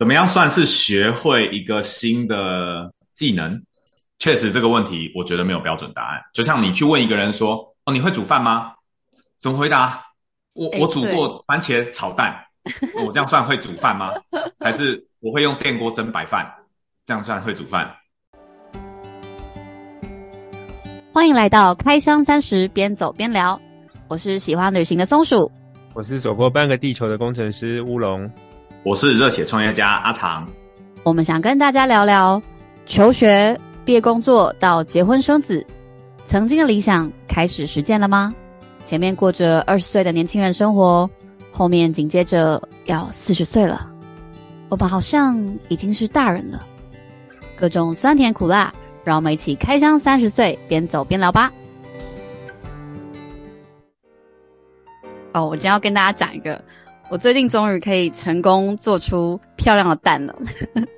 怎麼樣算是學會一個新的技能？確實這個問題，我覺得沒有標準答案。就像你去問一個人說：“哦，你會煮飯嗎？”怎麼回答？我、欸、我煮過番茄炒蛋，我這樣算會煮飯嗎？ 還是我會用電鍋蒸白飯，這樣算會煮飯？歡迎來到開箱三十，邊走邊聊。我是喜歡旅行的松鼠，我是走過半個地球的工程師烏龍。我是熱血創業家阿長。我們想跟大家聊聊求學、畢業工作到結婚生子，曾經的理想開始實踐了嗎？前面過着二十歲的年輕人生活，後面緊接着要四十歲了，我們好像已經是大人了，各種酸甜苦辣，讓我們一起開箱三十歲，邊走邊聊吧。哦，我今天要跟大家講一個。我最近終於可以成功做出漂亮的蛋了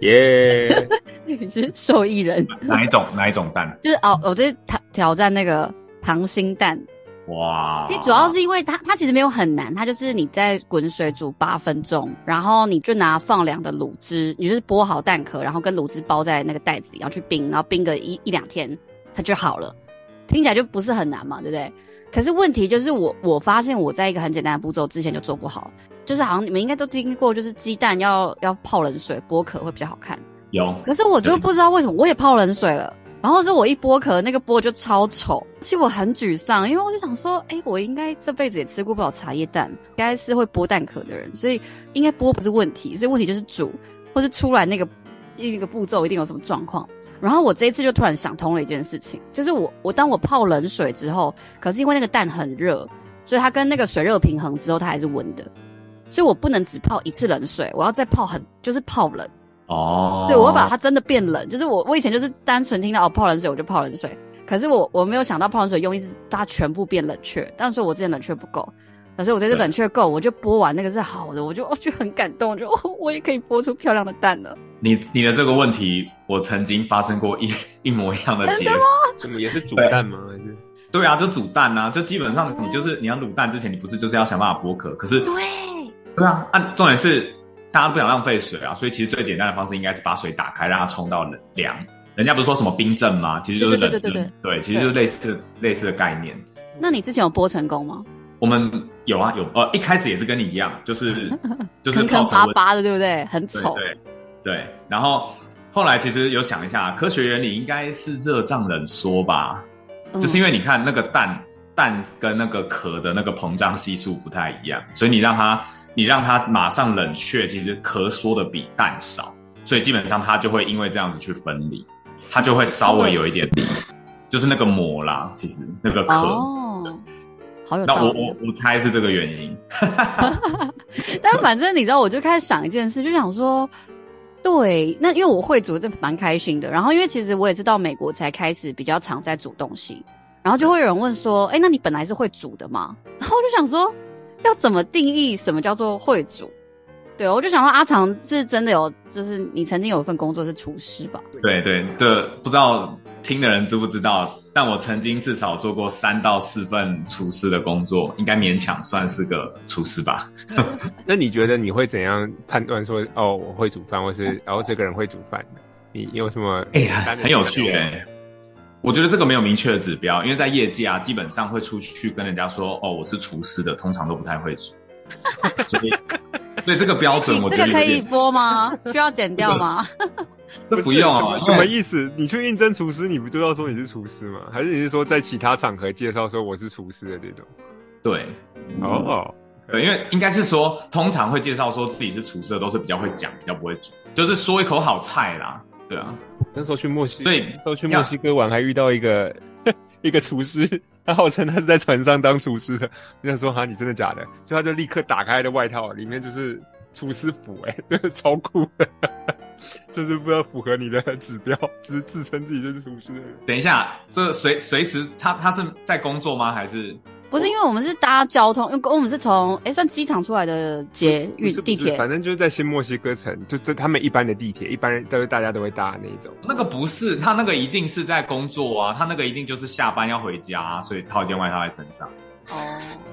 ，yeah，耶！你是受益人。哪一種？哪一種蛋？就是哦，我就挑挑戰那個溏心蛋。哇、wow！其實主要是因為它，它其實沒有很難，它就是你在滾水煮八分鐘，然後你就拿放涼的滷汁，你就是剝好蛋殼，然後跟滷汁包在那個袋子裡，然後去冰，然後冰個一一兩天，它就好了。聽起來就不是很難嘛，對不對？可是問題就是我我發現我在一個很簡單的步驟之前就做不好，就是好像你們應該都聽過，就是雞蛋要要泡冷水剝殼會比較好看。有。可是我就不知道為什麼，我也泡冷水了，然後是我一剝殼，那個剝就超醜，其實我很沮喪，因為我就想說，哎、欸，我應該這輩子也吃過不少茶葉蛋，應該是會剝蛋殼的人，所以應該剝不是問題，所以問題就是煮，或是出來那個那個步驟一定有什麼狀況。然後我這一次就突然想通了一件事情，就是我我當我泡冷水之後，可是因為那個蛋很熱，所以它跟那個水熱平衡之後，它還是溫的，所以我不能只泡一次冷水，我要再泡很就是泡冷哦，oh. 對，我要把它真的變冷，就是我我以前就是單純聽到哦，泡冷水我就泡冷水，可是我我沒有想到泡冷水用意是它全部變冷卻，但是我之前冷卻不夠，但是我這次冷卻夠，我就剝完那個是好的，我就我就很感動，我就覺得我也可以剝出漂亮的蛋了。你你的這個問題，我曾經發生過一一模一樣的結果。什麼也是煮蛋嗎？對， 對啊，就煮蛋啊，就基本上你就是你要滷蛋之前，你不是就是要想辦法剝殼，可是對對啊，啊，重點是大家不想浪費水啊，所以其實最簡單的方式應該是把水打開，讓它衝到涼。人家不是說什麼冰鎮嗎？其實就是冷冷對對對對，對，對，對，其實就是類似類似的概念。那你之前有剝成功嗎？我們有啊，有呃，一開始也是跟你一樣，就是 就是坑坑 巴巴的，對不對？很醜。對對對，然後後來其實有想一下，科學原理應該是熱脹冷縮吧，嗯、就是因為你看那個蛋蛋跟那個殼的那個膨脹係數不太一樣，所以你讓它你讓它馬上冷卻，其實殼縮的比蛋少，所以基本上它就會因為這樣子去分離，它就會稍微有一點就是那個膜啦，其實那個殼哦、oh,，好有道理，那我我我猜是這個原因， 但反正你知道，我就開始想一件事，就想說。對，那因為我會煮，就蠻開心的。然後因為其實我也是到美國才開始比較常在煮東西，然後就會有人問說，誒，那你本來是會煮的嗎？然後我就想說，要怎麼定義什麼叫做會煮？對，我就想說，阿長是真的有，就是你曾經有一份工作是廚師吧？對對的，不知道聽的人知不知道。但我曾經至少做過三到四份廚師的工作，應該勉強算是個廚師吧。 那你覺得你會怎樣判斷說哦，我會煮飯，或是然後、哦、這個人會煮飯？你有什麼？哎麼麼，很有趣哎、欸。我覺得這個沒有明確的指標，因為在業界、啊、基本上會出去跟人家說哦，我是廚師的，通常都不太會煮。所以，所以這個標準我覺得這個可以播嗎？需要剪掉嗎？ 不，這不用什麼什麼意思？你去應徵廚師，你不就要說你是廚師嗎？還是你是說在其他場合介紹說我是廚師的這種？對，哦、oh, okay.，對，因為應該是說，通常會介紹說自己是廚師的，都是比較會講，比較不會煮，就是說一口好菜啦。對啊，那時候去墨西，對，那時候去墨西哥玩，哥還遇到一個一個廚師，他號稱他是在船上當廚師的。你想說，哈、啊，你真的假的？就他就立刻打開的外套，裡面就是廚師服、欸，哎，對，超酷的。就是不要符合你的指標，就是自稱自己是廚師。等一下，這隨隨時他他是在工作嗎？還是不是？因為我們是搭交通，因為我們是從哎、欸、算機場出來的捷運地鐵，反正就是在新墨西哥城，就這他們一般的地鐵，一般都是大家都會搭的那一種。那個不是，他那個一定是在工作啊，他那個一定就是下班要回家、啊，所以他有一件外套在身上。哦，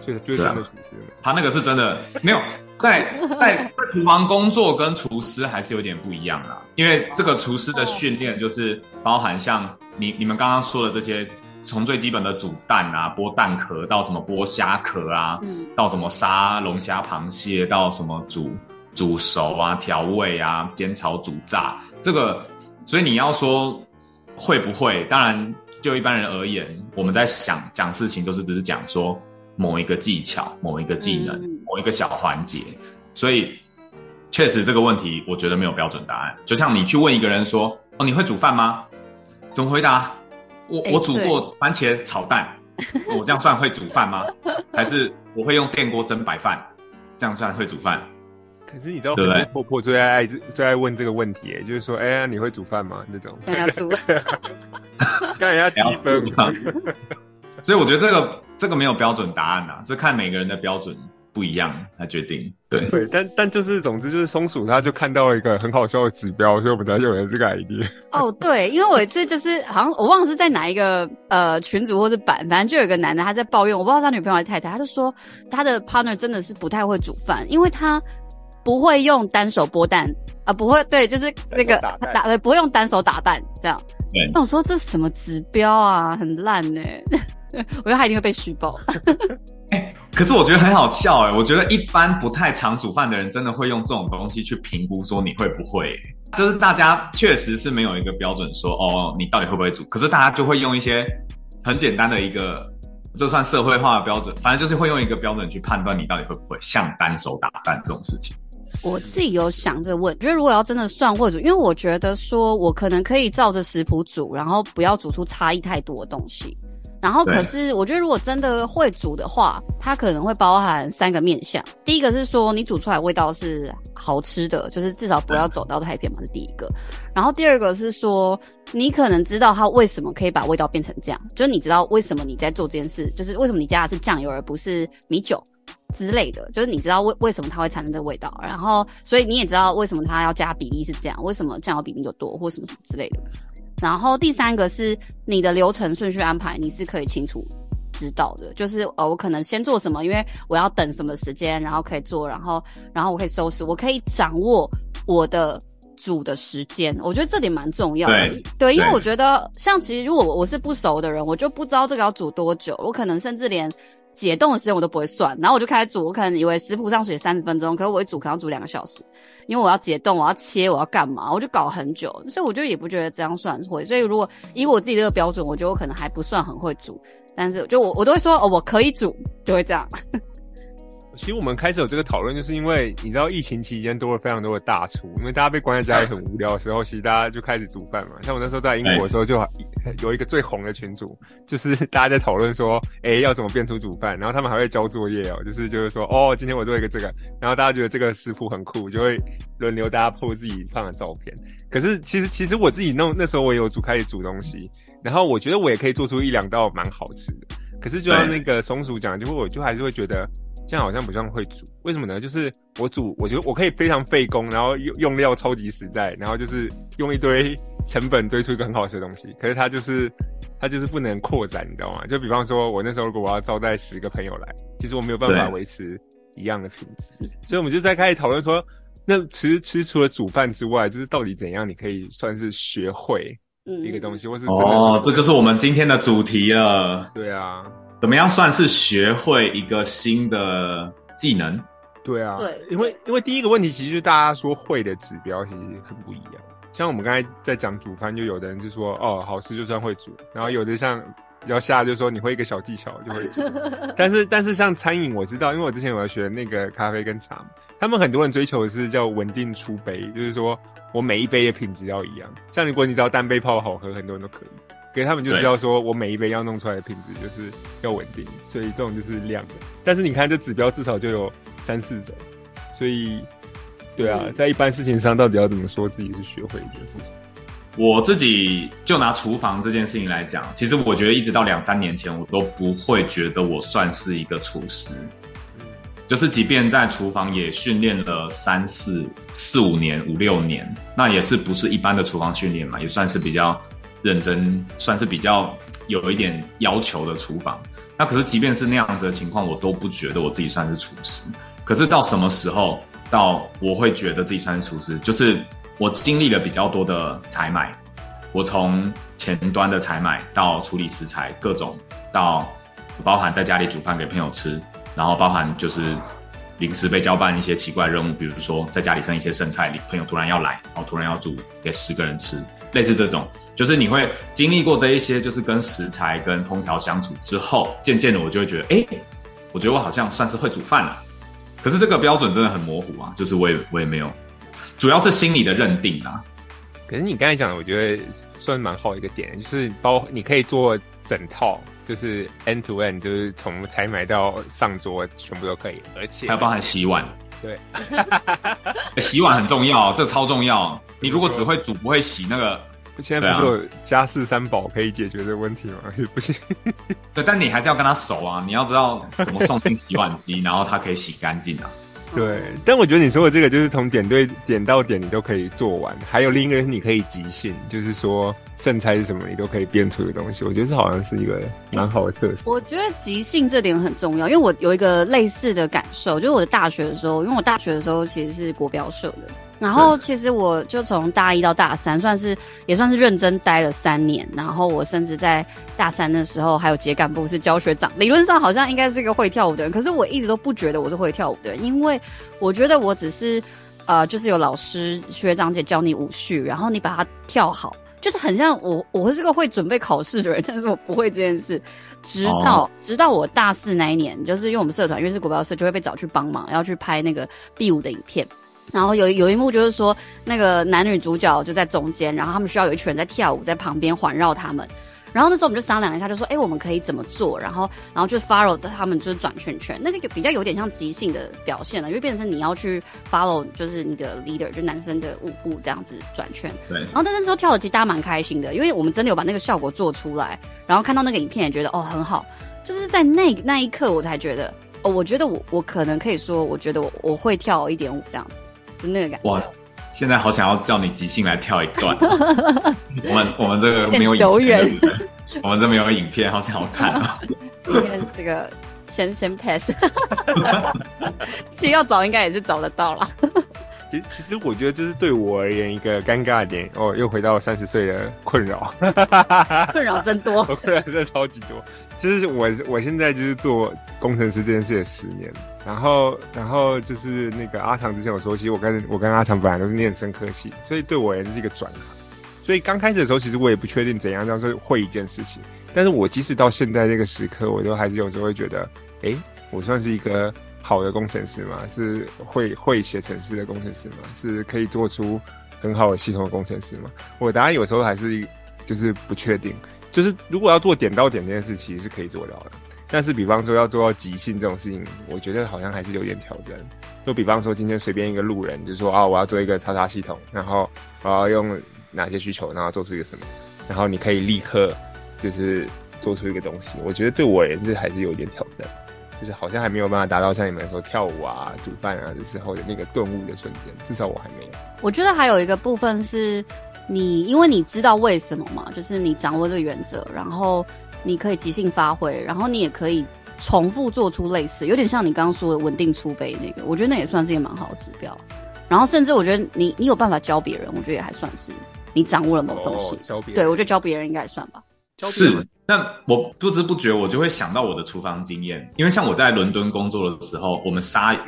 就就這樣的廚師，他那個是真的沒有。 在在在廚房工作跟廚師還是有點不一樣的、啊，因為這個廚師的訓練就是包含像你你們剛剛說的這些，從最基本的煮蛋啊、剝蛋殼，到什麼剝蝦殼啊，到什麼殺龍蝦、螃蟹，到什麼煮煮熟啊、調味啊、煎炒煮炸這個，所以你要說會不會，當然就一般人而言，我們在想講事情都是只是講說。某一個技巧，某一個技能，某一個小環節，嗯、所以確實這個問題，我覺得沒有標準答案。就像你去問一個人說：“哦，你會煮飯嗎？”怎麼回答？我、欸、我煮過番茄炒蛋，我這樣算會煮飯嗎？ 還是我會用電鍋蒸白飯，這樣算會煮飯？可是你知道我對，我婆婆最愛最愛問這個問題、欸，就是說，哎呀，你會煮飯嗎？那種 幹要煮，看一下積分。 所以我覺得這個這個沒有標準答案吶、啊，就看每個人的標準不一樣來決定。對對，但但就是總之就是松鼠，他就看到一個很好笑的指標，所以我們才有了這個 idea。哦、oh，對，因為我一次就是好像我忘了是在哪一個呃群組或者版，反正就有一個男的他在抱怨，我不知道他女朋友還是太太，他就說他的 partner 真的是不太會煮飯，因為他不會用單手剝蛋啊、呃，不會對，就是那個打，打不會用單手打蛋這樣。那我說這什麼指標啊，很爛呢、欸。我覺得他一定會被噓爆、， 欸。可是我覺得很好笑哎、欸！我覺得一般不太常煮飯的人，真的會用這種東西去評估說你會不會、欸。就是大家確實是沒有一個標準說哦，你到底會不會煮。可是大家就會用一些很簡單的一個，就算社會化的標準，反正就是會用一個標準去判斷你到底會不會，像單手打蛋這種事情。我自己有想着問，覺得如果要真的算會煮，因為我覺得說我可能可以照着食譜煮，然後不要煮出差異太多的東西。然後，可是我覺得，如果真的會煮的話，它可能會包含三個面向。第一個是說，你煮出來的味道是好吃的，就是至少不要走到太偏嘛，是第一個。然後第二個是說，你可能知道它為什麼可以把味道變成這樣，就是你知道為什麼你在做這件事，就是為什麼你加的是醬油而不是米酒之類的，就是你知道為為什麼它會產生這個味道。然後，所以你也知道為什麼它要加比例是這樣，為什麼醬油比例就多，多，或什麼什麼之類的。然後第三個是你的流程順序安排，你是可以清楚知道的。就是呃，我可能先做什麼，因為我要等什麼時間，然後可以做，然後然後我可以收拾，我可以掌握我的煮的時間。我覺得這點蠻重要的，對，對，因為我覺得像其實如果我我是不熟的人，我就不知道這個要煮多久，我可能甚至連解凍的時間我都不會算，然後我就開始煮，我可能以為食譜上寫三十分鐘，可是我一煮可能要煮兩個小時。因為我要解凍，我要切，我要幹嘛？我就搞很久，所以我就也不覺得這樣算會。所以如果以我自己這個標準，我覺得我可能還不算很會煮。但是就我，我都會說哦，我可以煮，就會這樣。 其實我們開始有這個討論，就是因為你知道疫情期間多了非常多的大廚，因為大家被關在家裡很無聊的時候，其實大家就開始煮飯嘛。像我那時候在英國的時候，就有一個最紅的群組，就是大家在討論說，哎，要怎麼變出煮飯，然後他們還會交作業哦、喔，就是就是說，哦，今天我做一個這個，然後大家覺得這個食譜很酷，就會輪流大家 PO 自己放的照片。可是其實其實我自己弄那時候我也有煮開始煮東西，然後我覺得我也可以做出一兩道蠻好吃的。可是就像那個松鼠講，就會我就還是會覺得。現在好像不像會煮，為什麼呢？就是我煮，我覺得我可以非常費工，然後用用料超級實在，然後就是用一堆成本堆出一個很好吃的東西。可是它就是它就是不能擴展，你知道嗎？就比方說，我那時候如果我要招待十個朋友來，其實我沒有辦法維持一樣的品質。所以我們就在開始討論說，那其實吃，吃除了煮飯之外，就是到底怎樣你可以算是學會一個東西，嗯、或是怎麼樣哦，這就是我們今天的主題了。對啊。怎麼樣算是學會一個新的技能？對啊，對，因為因為第一個問題其實大家說會的指標其實很不一樣。像我們剛才在講煮飯，就有的人就說哦，好吃就算會煮；然後有的像比較下，就說你會一個小技巧就會煮。 但是但是像餐飲，我知道，因為我之前有要學那個咖啡跟茶，他們很多人追求的是叫穩定出杯，就是說我每一杯的品質要一樣。像如果你只要單杯泡好喝，很多人都可以。給他們就是要說，我每一杯要弄出來的品質就是要穩定，所以這種就是量的。但是你看這指標至少就有三四種，所以對啊對，在一般事情上到底要怎麼說自己是學會一件事情？我自己就拿廚房這件事情來講，其實我覺得一直到兩三年前，我都不會覺得我算是一個廚師，就是即便在廚房也訓練了三四四五年五六年，那也是不是一般的廚房訓練嘛，也算是比較。認真算是比較有一點要求的廚房，那可是即便是那樣子的情況，我都不覺得我自己算是廚師。可是到什麼時候，到我會覺得自己算是廚師，就是我經歷了比較多的採買，我從前端的採買到處理食材各種，到包含在家裡煮飯給朋友吃，然後包含就是臨時被交辦一些奇怪任務，比如說在家裡剩一些剩菜，你朋友突然要來，然後突然要煮給十個人吃。類似這種，就是你會經歷過這一些，就是跟食材、跟烹調相處之後，漸漸的我就會覺得，哎、欸，我覺得我好像算是會煮飯了、啊。可是這個標準真的很模糊啊，就是我也我也沒有，主要是心理的認定啊。可是你剛才講的，我覺得算蠻好一個點，就是包括你可以做整套，就是 end to end，就是從採買到上桌全部都可以，而且還包含洗碗。對、 欸，洗碗很重要，這超重要。就是、你如果只會煮不會洗，那個現在不是有家事三寶可以解決的問題嗎？也不行。對，但你還是要跟他熟啊，你要知道怎麼送進洗碗機， 然後他可以洗乾淨啊。對，但我覺得你說的這個就是從點對點到點，你都可以做完。還有另一個，你可以即興，就是說。剩菜是什麼？你都可以變出的東西，我覺得這好像是一個蠻好的特色。我覺得即興這點很重要，因為我有一個類似的感受，就是我的大學的時候，因為我大學的時候其實是國標社的，然後其實我就從大一到大三，算是也算是認真待了三年。然後我甚至在大三的時候，還有接幹部是教學長，理論上好像應該是一個會跳舞的人，可是我一直都不覺得我是會跳舞的人，因為我覺得我只是呃，就是有老師學長姐教你舞序，然後你把它跳好。就是很像我，我是個會準備考試的人，但是我不會這件事。直到、Oh. 直到我大四那一年，就是因為我們社團，因為是國標社，就會被找去幫忙，要去拍那個 B 五的影片。然後有有一幕就是說，那個男女主角就在中間，然後他們需要有一群人在跳舞，在旁邊環繞他們。然後那時候我們就商量一下，就說，哎、欸，我們可以怎麼做？然後，然後就 follow 他們，就是轉圈圈，那個有比較有點像即興的表現了，因為變成你要去 follow，就是你的 leader，就男生的舞步這樣子轉圈。對。然後，但那時候跳的其實大家蠻開心的，因為我們真的有把那個效果做出來，然後看到那個影片也覺得哦很好。就是在那那一刻，我才覺得，哦，我覺得我我可能可以說，我覺得我我會跳一點舞這樣子，就那個感覺。現在好想要叫你即興來跳一段， 我們我們這個沒有影片，久遠。是不是我們這邊有個影片？好想看啊， 今天這個先先 pass。其實要找應該也是找得到了。其其實我覺得這是對我而言一個尷尬的點哦，又回到三十歲的困擾，困擾 真多，困擾真的超級多。其實我我現在就是做工程師這件事也十年，然後然後就是那個阿長之前有說，其實我跟我跟阿長本來都是念生科系，所以對我而言這是一個轉行。所以剛開始的時候，其實我也不確定怎樣這樣會一件事情。但是我即使到現在這個時刻，我都還是有時候會覺得，哎、欸，我算是一個。好的工程師嘛，是會會寫程式的工程師嘛，是可以做出很好的系統的工程師嘛？我答案有時候還是就是不確定，就是如果要做點到點這件事其實是可以做到的，但是比方說要做到即興這種事情，我覺得好像還是有點挑戰。就比方說今天隨便一個路人就說啊、哦，我要做一個叉叉系統，然後我要用哪些需求，然後做出一個什麼，然後你可以立刻就是做出一個東西，我覺得對我而言這還是有點挑戰。就是好像還沒有辦法達到像你們說跳舞啊、煮飯啊的時候的那個頓悟的瞬間，至少我還沒有。我覺得還有一個部分是你，因為你知道為什麼嘛，就是你掌握這個原則，然後你可以即興發揮，然後你也可以重複做出類似，有點像你剛剛說的穩定出杯那個。我覺得那也算是一個蠻好的指標。然後甚至我覺得你你有辦法教別人，我覺得也還算是你掌握了某東西。哦、教別人，對，我覺得教別人應該也算吧。那我不知不覺我就會想到我的廚房經驗，因為像我在倫敦工作的時候，我們殺魚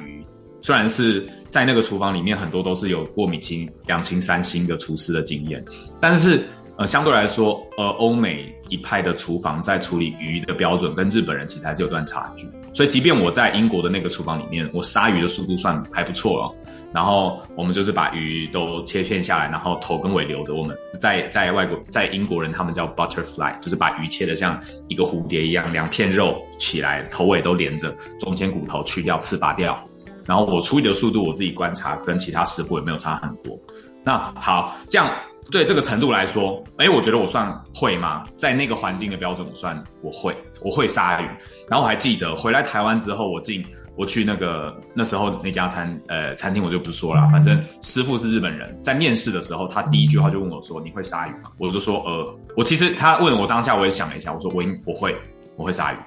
雖然是在那個廚房裡面，很多都是有過米星、兩星、三星的廚師的經驗，但是呃相對來說，呃歐美一派的廚房在處理魚的標準跟日本人其實還是有段差距，所以即便我在英國的那個廚房裡面，我殺魚的速度算還不錯了哦。然後我們就是把魚都切片下來，然後頭跟尾留着。我們在在外國，在英國人他們叫 butterfly，就是把魚切得像一個蝴蝶一樣，兩片肉起來，頭尾都連着，中間骨頭去掉，刺拔掉。然後我出魚的速度，我自己觀察跟其他師傅也沒有差很多。那好，這樣對這個程度來說，哎，我覺得我算會嗎？在那個環境的標準，我算我會，我會殺魚。然後我還記得回來台灣之後，我進。我去那個那時候那家餐呃餐廳我就不說了、啊，反正師傅是日本人，在面試的時候，他第一句話就問我說：“你會殺魚嗎？”我就說：“呃，我其實他問我當下我也想了一下，我說我應我會我會殺魚。”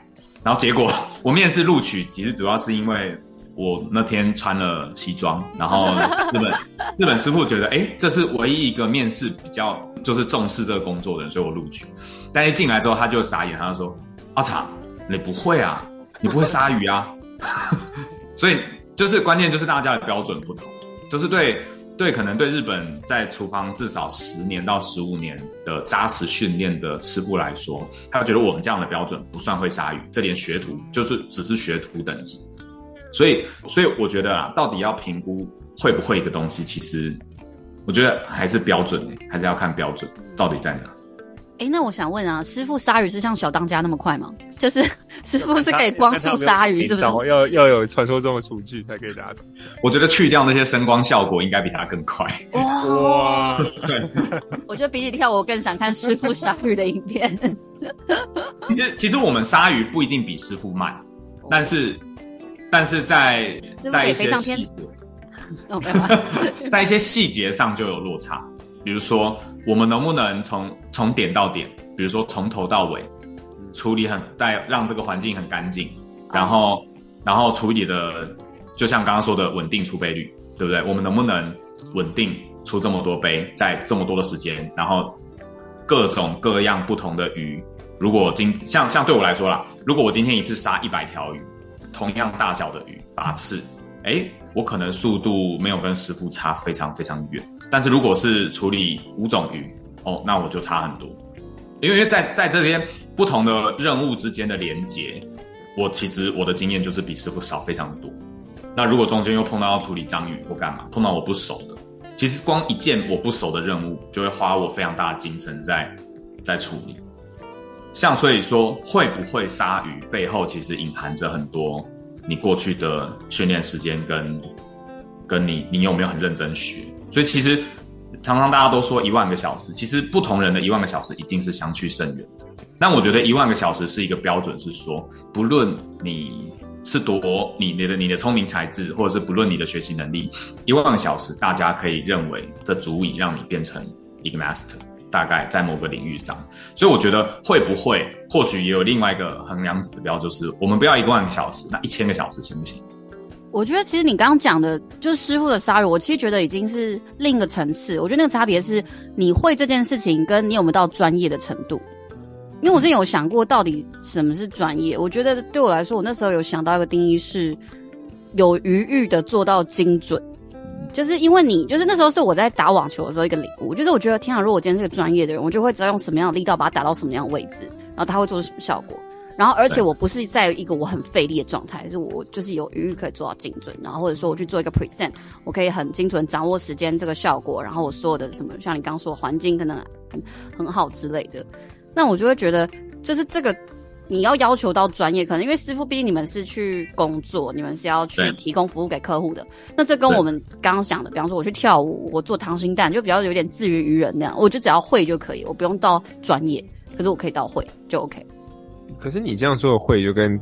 然後結果我面試錄取，其實主要是因為我那天穿了西裝，然後日本 日本師傅覺得哎、欸，這是唯一一個面試比較就是重視這個工作的人，所以我錄取。但一進來之後他就傻眼，他就說：“阿、啊、茶，你不會啊，你不會殺魚啊？” 所以就是關鍵，就是大家的標準不同，就是對對，可能對日本在廚房至少十年到十五年的扎實訓練的師傅來說，他覺得我們這樣的標準不算會殺魚，這點學徒就是只是學徒等級。所以所以我覺得啊，到底要評估會不會一個東西，其實我覺得還是標準、欸，還是要看標準到底在哪。哎，那我想問啊，師傅鯊魚是像小當家那麼快嗎？就是師傅是可以光速鯊魚，是不是？要要有傳說中的廚具才可以拿走。我覺得去掉那些聲光效果，應該比他更快。哇！ 對，我覺得比起跳舞，我更想看師傅鯊魚的影片。其實，其實我們鯊魚不一定比師傅慢，但是，但是在在一些細節，在一些細節上就有落差，比如說，我們能不能從從點到點，比如說從頭到尾，處理很帶讓這個環境很乾淨，然後然後處理的就像剛剛說的穩定出杯率，對不對？我們能不能穩定出這麼多杯在這麼多的時間？然後各種各樣不同的魚，如果今像像對我來說啦，如果我今天一次殺一百條魚，同樣大小的魚，八次，誒，我可能速度沒有跟師傅差非常非常遠。但是如果是處理五種魚哦，那我就差很多，因為在在這些不同的任務之間的連接，我其實我的經驗就是比師傅少非常多。那如果中間又碰到要處理章魚或幹嘛，碰到我不熟的，其實光一件我不熟的任務就會花我非常大的精神在在處理。像所以說，會不會殺魚背後其實隱含着很多你過去的訓練時間跟跟你你有沒有很認真學？所以其實，常常大家都說一萬個小時，其實不同人的一萬個小時一定是相去甚遠的。但我覺得一萬個小時是一個標準，是說不論你是多你的你的，你的聰明才智，或者是不論你的學習能力，一萬個小時大家可以認為這足以讓你變成一個 master，大概在某個領域上。所以我覺得會不會或許也有另外一個衡量指標，就是我們不要一萬個小時，那一千個小時行不行？我覺得其實你剛剛講的，就是師傅的殺人，我其實覺得已經是另一個層次。我覺得那個差別是你會這件事情，跟你有沒有到專業的程度。因為我之前有想過，到底什麼是專業？我覺得對我來說，我那時候有想到一個定義是，有餘裕的做到精準。就是因為你，就是那時候是我在打網球的時候一個領悟，就是我覺得，天啊，如果我今天是個專業的人，我就會知道用什麼樣的力道把它打到什麼樣的位置，然後它會做出什麼效果。然後，而且我不是在一個我很費力的狀態，是我就是有餘力可以做到精準。然後，或者說我去做一個 present，我可以很精準掌握時間這個效果。然後我所有的什麼，像你剛說的環境可能很很好之類的，那我就會覺得，就是這個你要要求到專業，可能因為師傅畢竟你們是去工作，你們是要去提供服務給客戶的。那這跟我們剛剛想的，比方說我去跳舞，我做溏心蛋就比較有點自娛娛人那樣，我就只要會就可以，我不用到專業，可是我可以到會就 OK。可是你這樣說的“會”就跟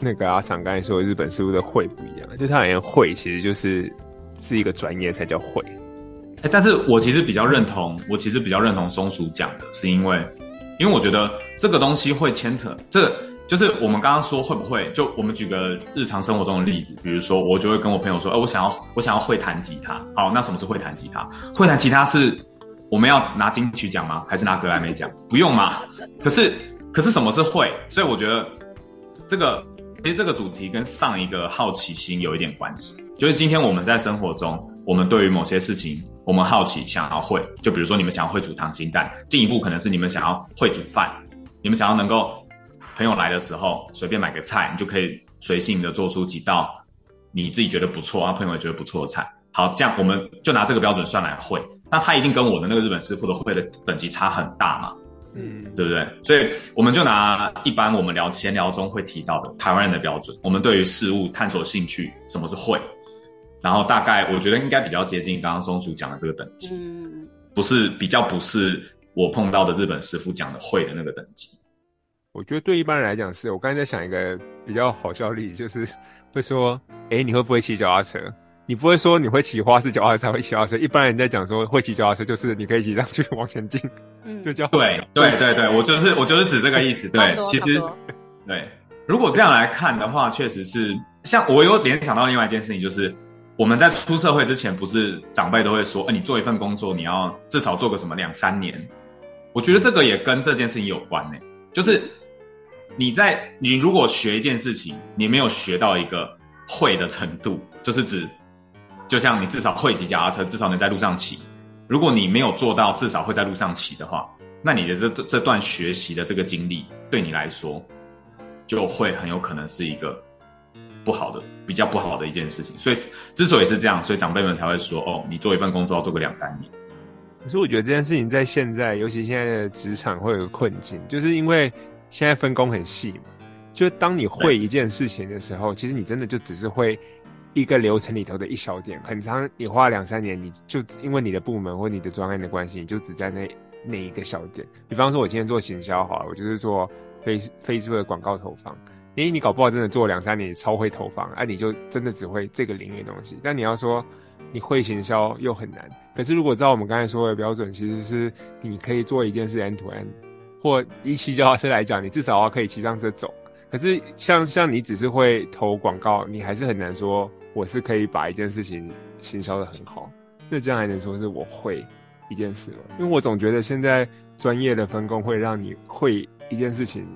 那個阿長剛才說的日本事物的“會”不一樣，就他好像“會”其實就是是一個專業才叫“會”欸。哎，但是我其實比較認同，我其實比較認同松鼠講的，是因為，因為我覺得這個東西會牽扯，這個、就是我們剛剛說會不會？就我們舉個日常生活中的例子，比如說我就會跟我朋友說，哎、欸，我想要我想要會彈吉他。好，那什麼是會彈吉他？會彈吉他是我們要拿金曲獎嗎？還是拿格萊美獎？不用嘛。可是。可是什麼是會？所以我覺得，這個其實這個主題跟上一個好奇心有一點關係。就是今天我們在生活中，我們對於某些事情，我們好奇，想要會。就比如說你們想要會煮溏心蛋，進一步可能是你們想要會煮飯，你們想要能夠朋友來的時候隨便買個菜，你就可以隨性的做出幾道你自己覺得不錯，讓、啊、朋友也覺得不錯的菜。好，這樣我們就拿這個標準算來會。那他一定跟我的那個日本師傅的會的等級差很大嘛。嗯，對不對？所以我們就拿一般我們聊閒聊中會提到的台灣人的標準，我們對於事物探索興趣，什麼是會？然後大概我覺得應該比較接近剛剛松鼠講的這個等級，嗯，不是比較不是我碰到的日本師傅講的會的那個等級。我覺得對一般人來講是，是我剛才在想一個比較好笑的例子，就是會說，哎，你會不會騎腳踏車？你不會說你會騎花式腳踏車會騎花車，一般人在講說會騎腳踏車，就是你可以騎上去往前進、嗯，就叫對對對對， 我就是我就是指這個意思，對，其實 對，如果這樣來看的話，確實是像我有聯想到另外一件事情，就是我們在出社會之前，不是長輩都會說，哎、欸，你做一份工作，你要至少做個什麼兩三年，我覺得這個也跟這件事情有關呢，就是你在你如果學一件事情，你沒有學到一個會的程度，就是指。就像你至少會騎腳踏車，至少能在路上騎。如果你沒有做到至少會在路上騎的話，那你的這這段學習的這個經歷對你來說，就會很有可能是一個不好的、比較不好的一件事情。所以，之所以是這樣，所以長輩們才會說：“哦，你做一份工作要做個兩三年。”可是，我覺得這件事情在現在，尤其現在的職場，會有個困境，就是因為現在分工很細嘛。就當你會一件事情的時候，其實你真的就只是會。一個流程裡頭的一小點，很常，你花兩三年，你就因為你的部門或你的專案的關係，你就只在那那一個小點。比方說，我今天做行銷好了，我就是做 Facebook 的廣告投放。哎，你搞不好真的做兩三年，超會投放，哎、啊，你就真的只會這個領域的東西。但你要說你會行銷又很難。可是如果照我們剛才說的標準，其實是你可以做一件事 end to end，或一騎自行車來講，你至少要可以騎上車走。可是像像你只是會投廣告，你還是很難說。我是可以把一件事情行銷得很好，那這樣還能說是我會一件事嗎？因為我總覺得現在專業的分工會讓你會一件事情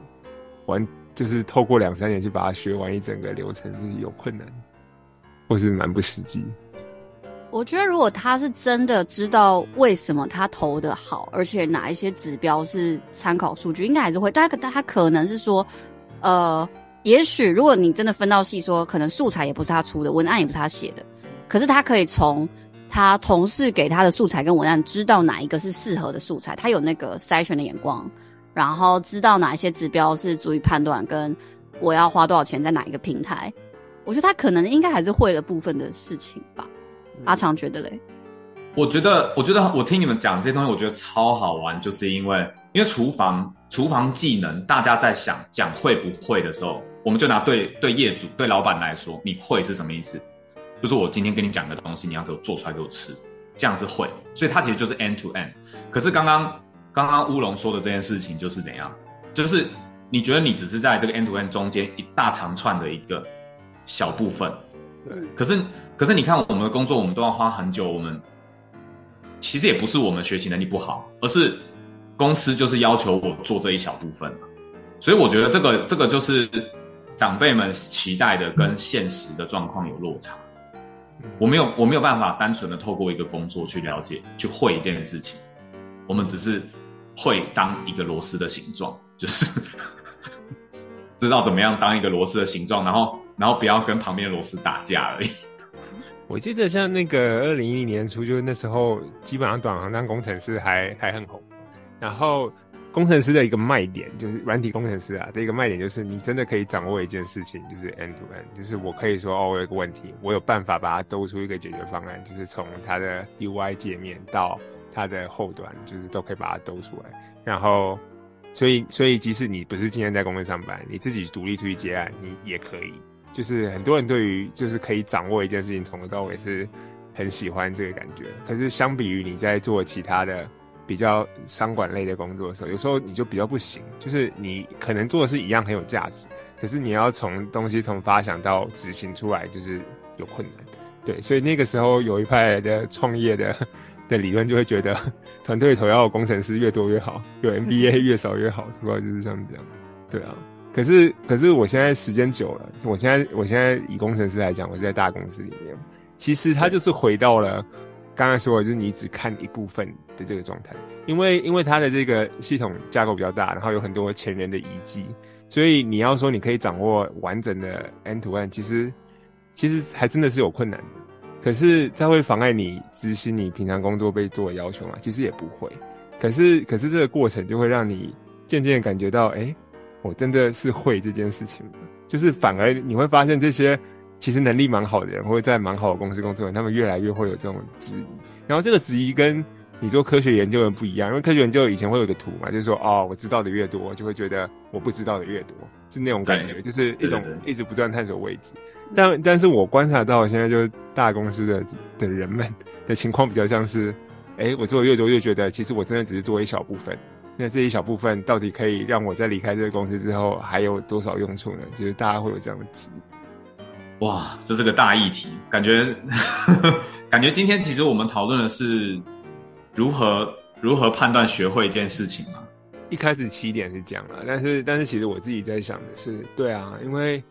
完，就是透過兩三年去把它學完一整個流程是有困難，或是蠻不實際。我覺得如果他是真的知道為什麼他投得好，而且哪一些指標是參考數據，應該還是會。他可他可能是說，呃。也許，如果你真的分到細說，可能素材也不是他出的，文案也不是他寫的，可是他可以從他同事給他的素材跟文案，知道哪一個是適合的素材，他有那個篩選的眼光，然後知道哪一些指標是足以判斷跟我要花多少錢在哪一個平台。我覺得他可能應該還是會了部分的事情吧。嗯、阿長覺得嘞？我覺得，我覺得我聽你們講這些東西，我覺得超好玩，就是因為因為廚房。廚房技能，大家在想講會不會的時候，我們就拿對對業主對老闆來說，你會是什麼意思？就是我今天跟你講的東西，你要給我做出來給我吃，這樣是會。所以它其實就是 end to end。可是剛剛剛剛烏龍說的這件事情就是怎樣？就是你覺得你只是在這個 end to end 中間一大長串的一個小部分，對。可是可是你看我們的工作，我們都要花很久。我們其實也不是我們學習能力不好，而是。公司就是要求我做這一小部分嘛，所以我覺得這個這個就是長輩們期待的跟現實的狀況有落差。我沒有我沒有辦法單純的透過一個工作去了解、去會一件事情，我們只是會當一個螺絲的形狀，就是 知道怎麼樣當一個螺絲的形狀，然後然後不要跟旁邊螺絲打架而已。我記得像那個二零一零年初，就那時候基本上轉行當工程師還還很紅。然後，工程師的一個賣點就是軟體工程師啊，的一個賣點就是你真的可以掌握一件事情，就是 end to end，就是我可以說哦，我有個問題，我有辦法把它兜出一個解決方案，就是從它的 UI 界面到它的後端，就是都可以把它兜出來。然後，所以，所以即使你不是今天在公司上班，你自己獨立出去接案，你也可以。就是很多人對於就是可以掌握一件事情從頭到尾是很喜歡這個感覺。可是，相比於你在做其他的。比較商管類的工作的時候，有時候你就比較不行，就是你可能做的是一樣很有價值，可是你要從東西從發想到執行出來，就是有困難。對，所以那個時候有一派的創業的的理論就會覺得，團隊投要工程師越多越好，有 MBA 越少越好，主 要就是像這樣。對啊，可是可是我現在時間久了，我現在我現在以工程師來講，我是在大公司裡面，其實他就是回到了。剛才說的就是你只看一部分的這個狀態，因為因為它的這個系統架構比較大，然後有很多前人的遺跡，所以你要說你可以掌握完整的 end to end，其實其實還真的是有困難的。可是它會妨礙你執行你平常工作被做的要求嗎？其實也不會。可是可是這個過程就會讓你漸漸感覺到，哎、欸，我真的是會這件事情嗎？就是反而你會發現這些。其實能力蠻好的人，或者在蠻好的公司工作的人，他們越來越會有這種質疑。然後這個質疑跟你做科學研究的人不一樣，因為科學研究以前會有個圖嘛，就是說哦，我知道的越多，就會覺得我不知道的越多，是那種感覺，就是一種對對對一直不斷探索未知。但但是我觀察到現在就大公司的的人們的情況比較像是，哎，我做的越多，越覺得其實我真的只是做一小部分。那這一小部分到底可以讓我在離開這個公司之後還有多少用處呢？就是大家會有這樣的質疑。哇，這是個大議題，感覺呵呵感覺今天其實我們討論的是如何如何判斷學會一件事情嘛？一開始起點是這樣啦，但是但是其實我自己在想的是，對啊，因為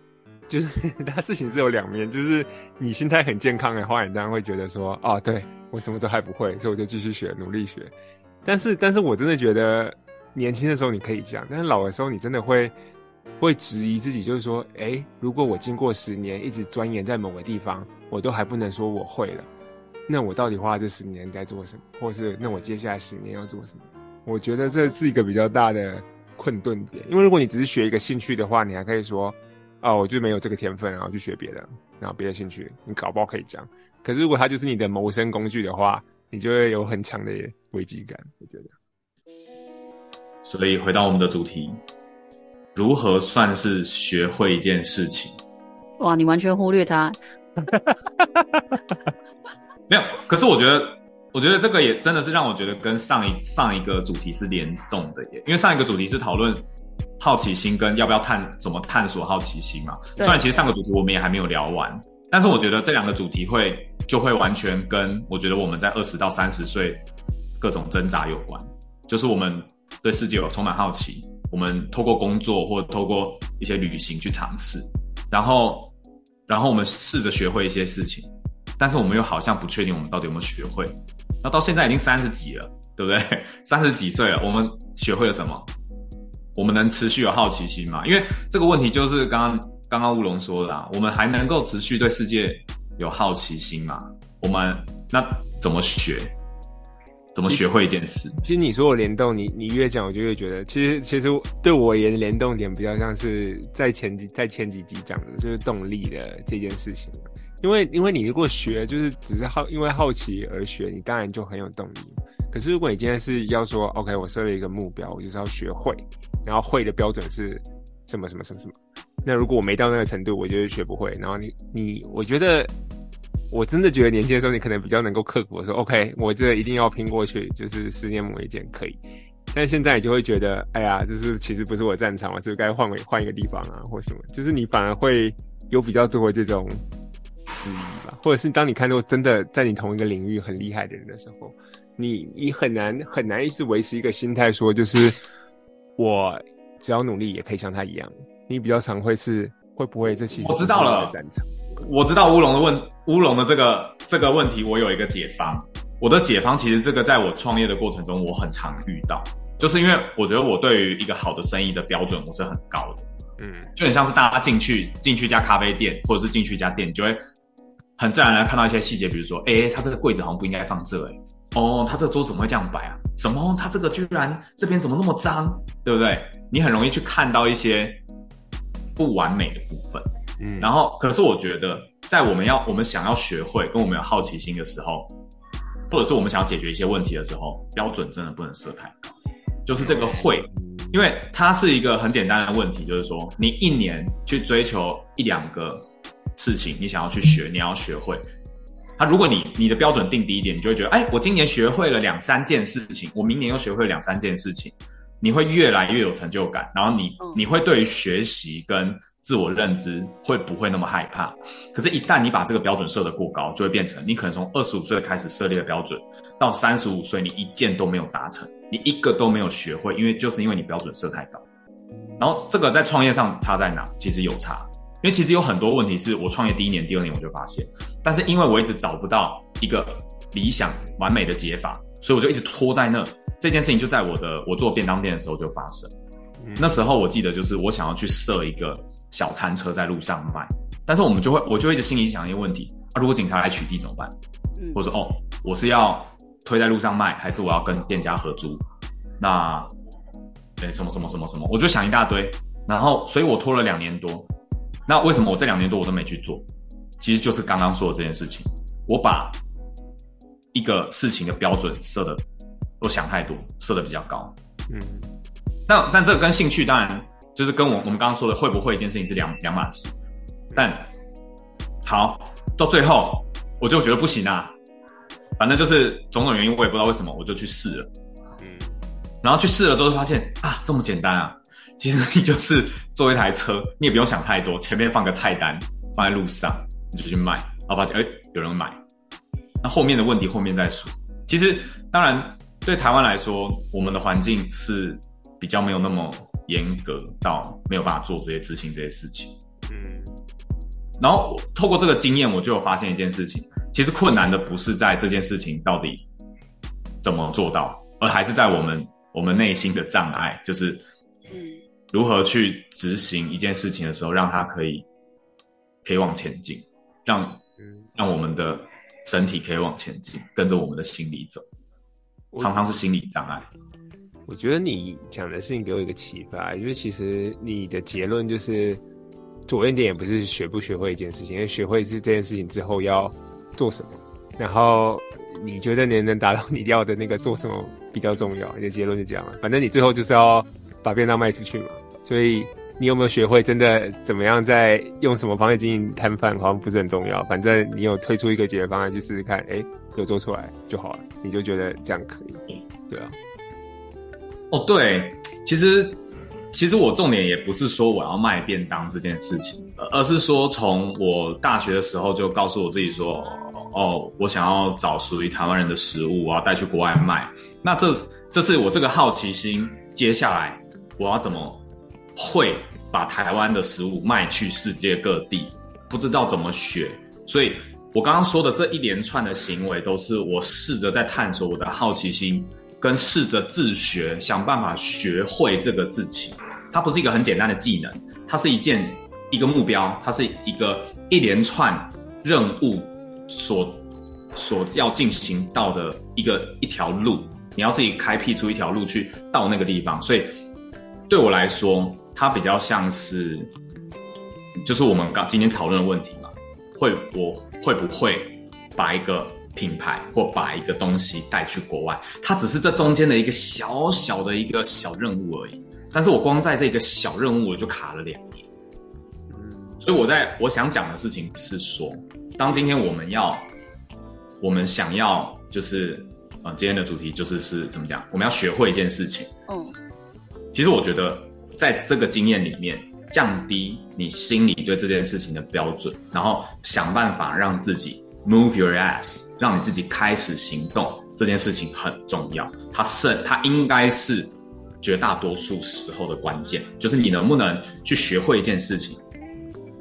就是它事情是有兩面，就是你心態很健康的話，你當然會覺得說，哦，對，我什麼都還不會，所以我就繼續學，努力學。但是但是我真的覺得，年輕的時候你可以這樣，但是老的時候你真的會。會質疑自己，就是說，誒，如果我經過十年一直鑽研在某個地方，我都還不能說我會了，那我到底花了這十年該做什麼？或是那我接下來十年要做什麼？我覺得這是一個比較大的困頓點。因為如果你只是學一個興趣的話，你還可以說，啊、哦，我就沒有這個天分，然後去學別的，然後別的興趣你搞不好可以這樣。可是如果它就是你的謀生工具的話，你就會有很強的危機感。我覺得。所以回到我們的主題。如何算是學會一件事情？哇，你完全忽略他。 沒有，可是我覺得，我覺得這個也真的是讓我覺得跟上一上一個主題是聯動的耶。因為上一個主題是討論好奇心跟要不要探怎麼探索好奇心嘛，啊。雖然其實上個主題我們也還沒有聊完，嗯，但是我覺得這兩個主題會就會完全跟我覺得我們在二十到三十歲各種掙扎有關，就是我們對世界有充滿好奇。我們透過工作，或透過一些旅行去嘗試，然後，然後我們試着學會一些事情，但是我們又好像不確定我們到底有沒有學會。那到現在已經三十幾了，對不對？三十幾歲了，我們學會了什麼？我們能持續有好奇心嗎？因為這個問題就是剛剛剛剛烏龍說的啊，我們還能夠持續對世界有好奇心嗎？我們那怎麼學？怎麼學會一件事？其實你說我聯動，你你越講，我就越覺得，其實其實對我而言，聯動點比較像是在前幾在前幾集講的就是動力的這件事情。因為因為你如果學，就是只是好，因為好奇而學，你當然就很有動力。可是如果你今天是要說 OK，我設了一個目標，我就是要學會，然後會的標準是什麼什麼什麼什麼？那如果我沒到那個程度，我就是學不會。然後你你，我覺得。我真的覺得年輕的時候，你可能比較能夠刻苦，說 OK，我這一定要拼過去，就是十年磨一劍可以。但現在你就會覺得，哎呀，就是其實不是我的戰場了，是不是該換個換一個地方啊，或什麼？就是你反而會有比較多這種質疑吧。或者是當你看到真的在你同一個領域很厲害的人的時候，你你很難很難一直維持一個心態，說就是我只要努力也可以像他一樣。你比較常會是會不會這其實是我的戰場。我知道了。我知道烏龍的問烏龍的這個這個問題，我有一個解方。我的解方其實這個在我創業的過程中，我很常遇到，就是因為我覺得我對於一個好的生意的標準，我是很高的。嗯，就很像是大家進去進去一家咖啡店，或者是進去一家店，你就會很自然的看到一些細節，比如說，哎、欸，他這個櫃子好像不應該放這，哎，哦，他這個桌子怎麼會這樣擺啊？什麼？他這個居然這邊怎麼那麼髒？對不對？你很容易去看到一些不完美的部分。嗯，然後可是我覺得，在我們要我們想要學會跟我們有好奇心的時候，或者是我們想要解決一些問題的時候，標準真的不能設太高。就是這個會，因為它是一個很簡單的問題，就是說你一年去追求一兩個事情，你想要去學，你要學會。它、啊、如果你你的標準定低一點，你就會覺得，哎，我今年學會了兩三件事情，我明年又學會了兩三件事情，你會越來越有成就感，然後你你會對於學習跟自我認知會不會那麼害怕？可是，一旦你把這個標準設得過高，就會變成你可能從二十五歲開始設立的標準，到三十五歲你一件都沒有達成，你一個都沒有學會，因為就是因為你標準設太高。然後，這個在創業上差在哪？其實有差，因為其實有很多問題是我創業第一年、第二年我就發現，但是因為我一直找不到一個理想完美的解法，所以我就一直拖在那。這件事情就在我的我做便當店的時候就發生。嗯，那時候我記得就是我想要去設一個。小餐車在路上賣，但是我們就會，我就會一直心裡想一個問題：啊，如果警察來取締怎麼辦？或者說，哦，我是要推在路上賣，還是我要跟店家合租？那，誒、欸、什麼什麼什麼什麼，我就想一大堆。然後，所以我拖了兩年多。那為什麼我這兩年多我都沒去做？其實就是剛剛說的這件事情，我把一個事情的標準設的，我想太多，設的比較高。嗯。那但這個跟興趣當然。就是跟我我們剛剛說的會不會一件事情是兩兩碼事，但好到最後我就覺得不行啊，反正就是種種原因，我也不知道為什麼我就去試了，嗯，然後去試了之後就發現啊這麼簡單啊，其實你就是做一台車，你也不用想太多，前面放個菜單，放在路上你就去賣，然後發現哎，有人買，那後面的問題後面再說。其實當然對台灣來說，我們的環境是比較沒有那麼。嚴格到沒有辦法做這些，執行這些事情。嗯，然後透過這個經驗，我就有發現一件事情，其實困難的不是在這件事情到底怎麼做到，而還是在我們我們內心的障礙，就是如何去執行一件事情的時候，讓它可以可以往前進，讓讓我們的身體可以往前進，跟着我們的心理走，常常是心理障礙。我覺得你講的事情給我一個啟發，因為其實你的結論就是，左右一點也不是學不學會一件事情，因為學會這這件事情之後要做什麼，然後你覺得你能達到你要的那個做什麼比較重要，你的結論是這樣啊。反正你最後就是要把便當賣出去嘛，所以你有沒有學會真的怎麼樣在用什麼方式進行攤販好像不是很重要，反正你有推出一個解決方案去試試看，誒，有做出來就好了，你就覺得這樣可以，對啊。哦對，其實其實我重點也不是說我要賣便當這件事情，而是說，從我大學的時候就告訴我自己說，哦，我想要找屬於台灣人的食物，我要帶去國外賣。那這這是我這個好奇心，接下來我要怎麼會把台灣的食物賣去世界各地？不知道怎麼學，所以我剛剛說的這一連串的行為，都是我試着在探索我的好奇心。跟試着自學，想辦法學會這個事情，它不是一個很簡單的技能，它是一件一個目標，它是一個一連串任務所所要進行到的一個一條路，你要自己開闢出一條路去到那個地方，所以對我來說，它比較像是，就是我們剛今天討論的問題嘛，會我會不會把一個品牌，或把一個東西帶去國外，它只是這中間的一個小小的一個小任務而已。但是我光在這個小任務我就卡了兩年，所以我在我想講的事情是說，當今天我們要，我們想要就是，嗯、呃，今天的主題就是是怎麼講？我們要學會一件事情。嗯，其實我覺得在這個經驗裡面，降低你心裡對這件事情的標準，然後想辦法讓自己。Move your ass，讓你自己開始行動，這件事情很重要。它是，它應該是絕大多數時候的關鍵，就是你能不能去學會一件事情。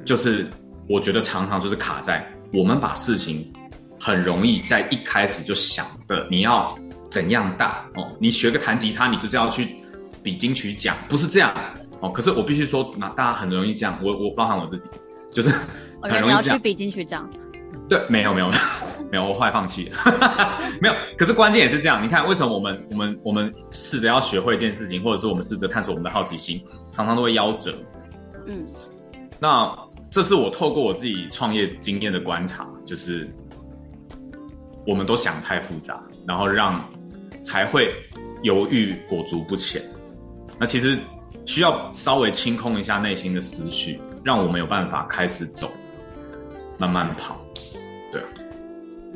就是我覺得常常就是卡在我們把事情很容易在一開始就想的你要怎樣大哦，你學個彈吉他，你就是要去比金曲獎，不是這樣哦。可是我必須說，那大家很容易這樣，我我包含我自己，就是很容易這樣。對，沒有沒有沒有，我快放棄了， 沒有。可是關鍵也是這樣，你看為什麼我們我們我們試着要學會一件事情，或者是我們試着探索我們的好奇心，常常都會夭折。嗯，那這是我透過我自己創業經驗的觀察，就是我們都想太複雜，然後讓才會猶豫裹足不前。那其實需要稍微清空一下內心的思緒，讓我們有辦法開始走，慢慢跑。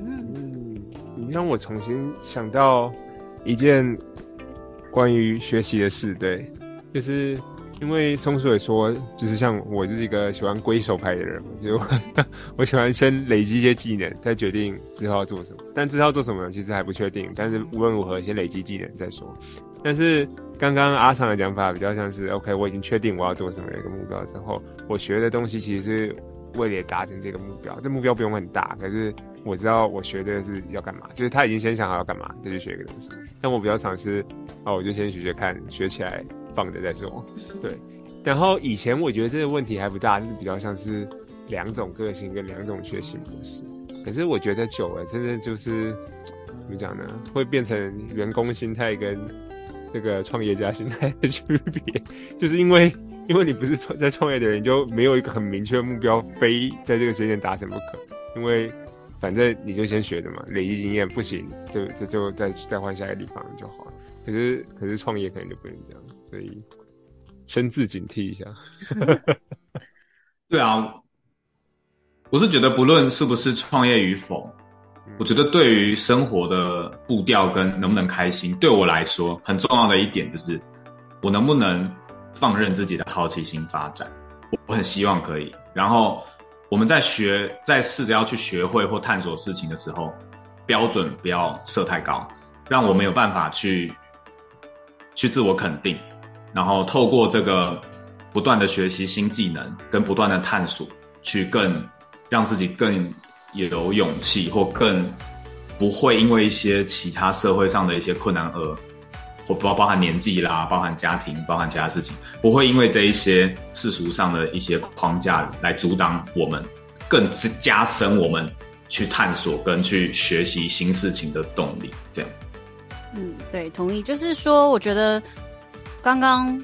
嗯，嗯，你讓，我重新想到一件關於學習的事，對，就是因為松鼠也說，就是像我就是一個喜歡龜手牌的人，就是、我， 我喜歡先累積一些技能，再決定之後要做什麼。但之後要做什麼，其實還不確定。但是無論如何，先累積技能再說。但是剛剛阿長的講法比較像是，OK，我已經確定我要做什麼的一個目標之後，我學的東西其實是為了達成這個目標。這目標不用很大，可是。我知道我學的是要幹嘛，就是他已經先想好要幹嘛再去學一個東西。但我比較嘗試啊，我就先學學看，學起來放着再說。對，然後以前我覺得這個問題還不大，就是比較像是兩種個性跟兩種學習模式。可是我覺得久了，真的就是怎麼講呢？會變成員工心態跟這個創業家心態的區別，就是因為因為你不是在創業的人，你就沒有一個很明確的目標，非在這個時間點達成不可，因為。反正你就先學着嘛，累積經驗不行，就就再再換下一個地方就好了。可是可是創業肯定就不能這樣，所以深自警惕一下。 對啊，我是覺得不論是不是創業與否，嗯，我覺得對於生活的步調跟能不能開心，對我來說很重要的一點就是，我能不能放任自己的好奇心發展。我很希望可以，然後。我們在學，在試着要去學會或探索事情的時候，標準不要設太高，讓我們有辦法去，去自我肯定，然後透過這個不斷的學習新技能跟不斷的探索，去更讓自己更也有勇氣，或更不會因為一些其他社會上的一些困難而。包包含年紀啦，包含家庭，包含其他事情，不會因為這一些世俗上的一些框架來阻擋我們，更加深我們去探索跟去學習新事情的動力。這樣，嗯，對，同意。就是說，我覺得剛剛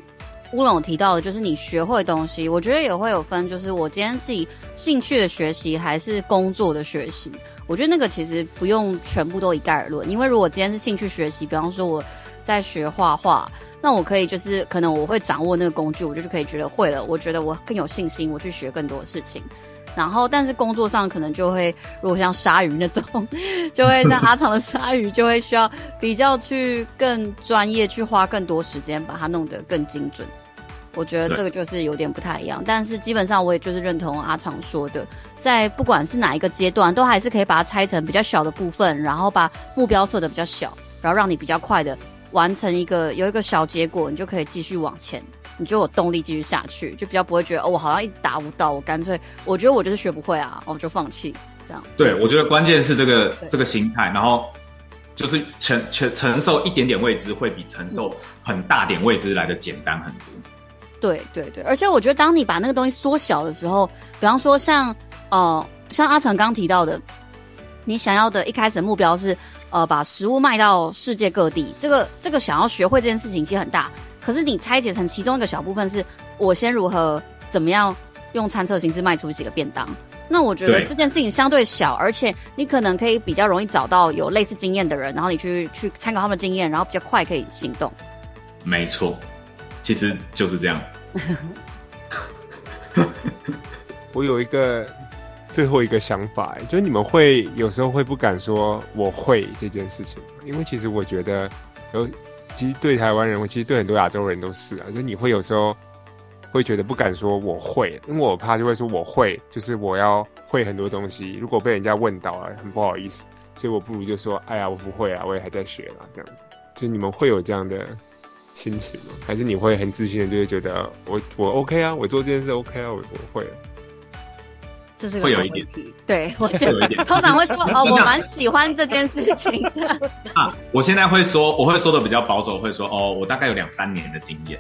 烏龍提到的，就是你學會的東西，我覺得也會有分，就是我今天是以興趣的學習還是工作的學習。我覺得那個其實不用全部都一概而論，因為如果今天是興趣學習，比方說我。在學畫畫，那我可以就是可能我會掌握那個工具，我就可以覺得會了。我覺得我更有信心，我去學更多事情。然後，但是工作上可能就會，如果像鯊魚那種，就會像阿長的鯊魚， 就會需要比較去更專業，去花更多時間把它弄得更精準。我覺得這個就是有點不太一樣。但是基本上我也就是認同阿長說的，在不管是哪一個階段，都還是可以把它拆成比較小的部分，然後把目標設得比較小，然後讓你比較快的。完成一個有一個小結果，你就可以繼續往前，你就有動力繼續下去，就比較不會覺得哦，我好像一直達不到，我乾脆我覺得我就是學不會啊，我就放棄這樣對。對，我覺得關鍵是這個這個心態，然後就是承承承受一點點未知，會比承受很大點未知來的簡單很多。嗯、對對對，而且我覺得當你把那個東西縮小的時候，比方說像、呃、像阿長剛剛提到的，你想要的一開始目標是。呃，把食物賣到世界各地，這個這個想要學會這件事情其實很大。可是你拆解成其中一個小部分，是我先如何怎麼樣用餐車形式賣出幾個便當。那我覺得這件事情相對小，對，而且你可能可以比較容易找到有類似經驗的人，然後你去去參考他們的經驗，然後比較快可以行動。沒錯，其實就是這樣。 我有一個。最後一個想法，就是你們會有時候會不敢說我會這件事情，因為其實我覺得，有其實對台灣人，或其實對很多亞洲人都是啊，就是你會有時候會覺得不敢說我會，因為我怕就會說我會，就是我要會很多東西，如果被人家問倒了，很不好意思，所以我不如就說，哎呀，我不會啊，我也還在學啊。這樣子，就你們會有這樣的心情嗎？還是你會很自信的，就會覺得我我 OK 啊，我做這件事 OK 啊，我我會啊。這是會有一點，對我覺得會有一點，通常會說 哦，我蠻喜歡這件事情的啊。我現在會說，我會說的比較保守，會說哦，我大概有兩三年的經驗，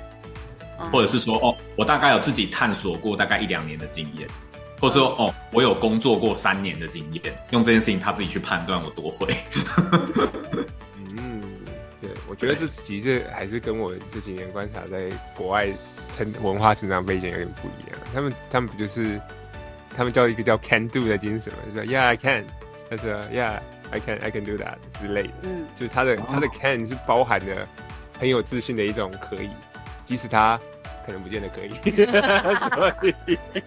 嗯，或者是說哦，我大概有自己探索過大概一兩年的經驗，或者說哦，我有工作過三年的經驗。用這件事情他自己去判斷我多會。 嗯，對，我覺得這其實還是跟我這幾年觀察在國外成文化成長背景有點不一樣。他們他們不就是？他們叫一個叫 Can Do 的精神，就說 Yeah I can，他說 Yeah I can I can do that 之類的，嗯，就是他的、哦、他的 Can 是包含的很有自信的一種可以，即使他可能不見得可以，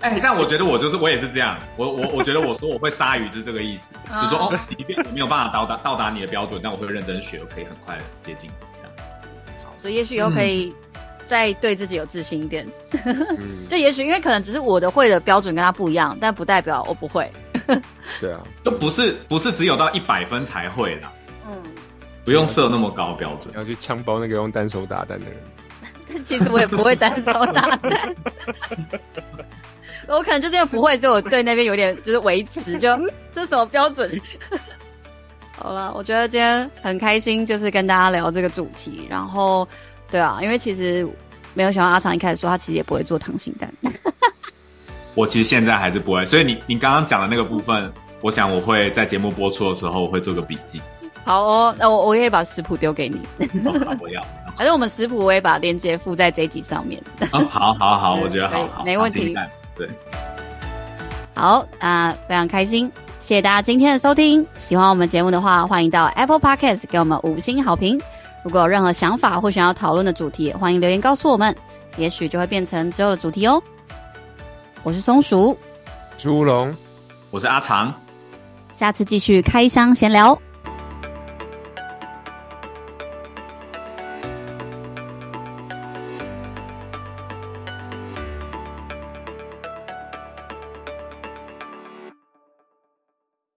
哎、 欸，但我覺得我就是我也是這樣，我我我覺得我說我會鯊魚是這個意思， 就說哦，即便我沒有辦法到達到達你的標準，但我會認真學，我可以很快接近你這樣，好，所以也許以後可以、嗯。再對自己有自信一點、嗯， 就也許因為可能只是我的會的標準跟他不一樣，但不代表我不會。對啊， 都不是，不是只有到一百分才會啦、啊。嗯，不用設那麼高標準要，要去槍包那個用單手打蛋的人 。但其實我也不會單手打蛋，我可能就是因為不會，所以我對那邊有點就是微詞，就這是什麼標準？ 好啦，我覺得今天很開心，就是跟大家聊這個主題，然後。對啊，因為其實沒有想到阿長一開始說他其實也不會做溏心蛋。 我其實現在還是不會，所以你你剛剛講的那個部分，我想我會在節目播出的時候，我會做個筆記。好哦，那我我可以把食譜丟給你。 哦、我不要。反正我們食譜我也把鏈接附在這一集上面。 哦、好好好，好，我覺得好好，沒問題。對。好，啊、呃，非常開心，謝謝大家今天的收聽。喜歡我們節目的話，歡迎到 Apple Podcast 給我們五星好評。如果有任何想法或想要討論的主題，歡迎留言告訴我們，也許就會變成之後的主題哦、喔。我是松鼠，烏龍，我是阿長，下次繼續開箱閒聊。